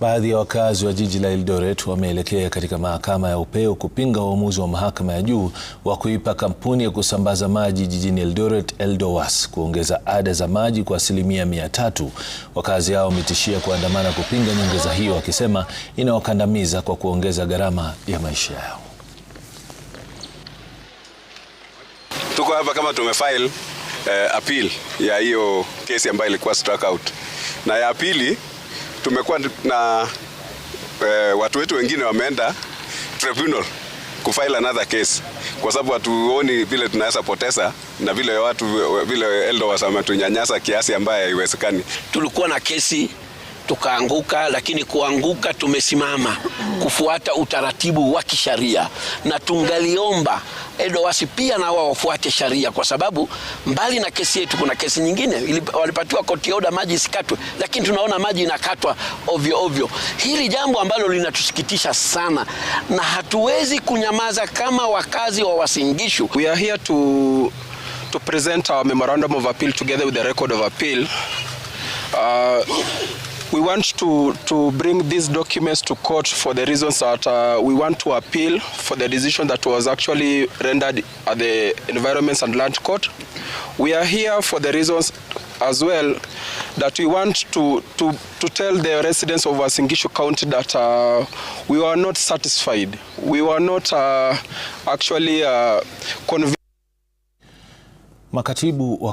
Baadhi ya wakazi wa jiji la Eldoret wameelekea katika mahakama ya upeo kupinga uamuzi wa mahakama ya juu wa kuipa kampuni ya kusambaza maji jijini Eldoret Eldowas kuongeza ada za maji kwa asilimia mia tatu. Wakazi hao wametishia kuandamana kupinga nyongeza hiyo, wakisema inawakandamiza kwa kuongeza gharama ya maisha yao. Tuko hapa kama tumefile eh, appeal ya hiyo kesi ambayo ilikuwa struck out na ya pili tumekuwa na e, watu wetu wengine wameenda tribunal kufile another case kwa sababu hatuoni vile tunaweza poteza na vile watu vile eldo wasama tunyanyasa kiasi ambaye haiwezekani. Tulikuwa na kesi tukaanguka, lakini kuanguka tumesimama kufuata utaratibu wa kisheria, na tungaliomba EDOWASI pia na wao wafuate sharia, kwa sababu mbali na kesi yetu kuna kesi nyingine walipatiwa koti oda maji isikatwe, lakini tunaona maji inakatwa ovyo ovyo. Hili jambo ambalo linatusikitisha sana na hatuwezi kunyamaza kama wakazi wa Wasingishu. We are here to to present our memorandum of appeal together with the record of appeal uh, We want to, to bring these documents to court for the reasons that uh, we want to appeal for the decision that was actually rendered at the Environment and Land Court. We are here for the reasons as well that we want to, to, to tell the residents of Wasingishu County that uh, we were not satisfied. We were not uh, actually uh, convinced. Makatibu wa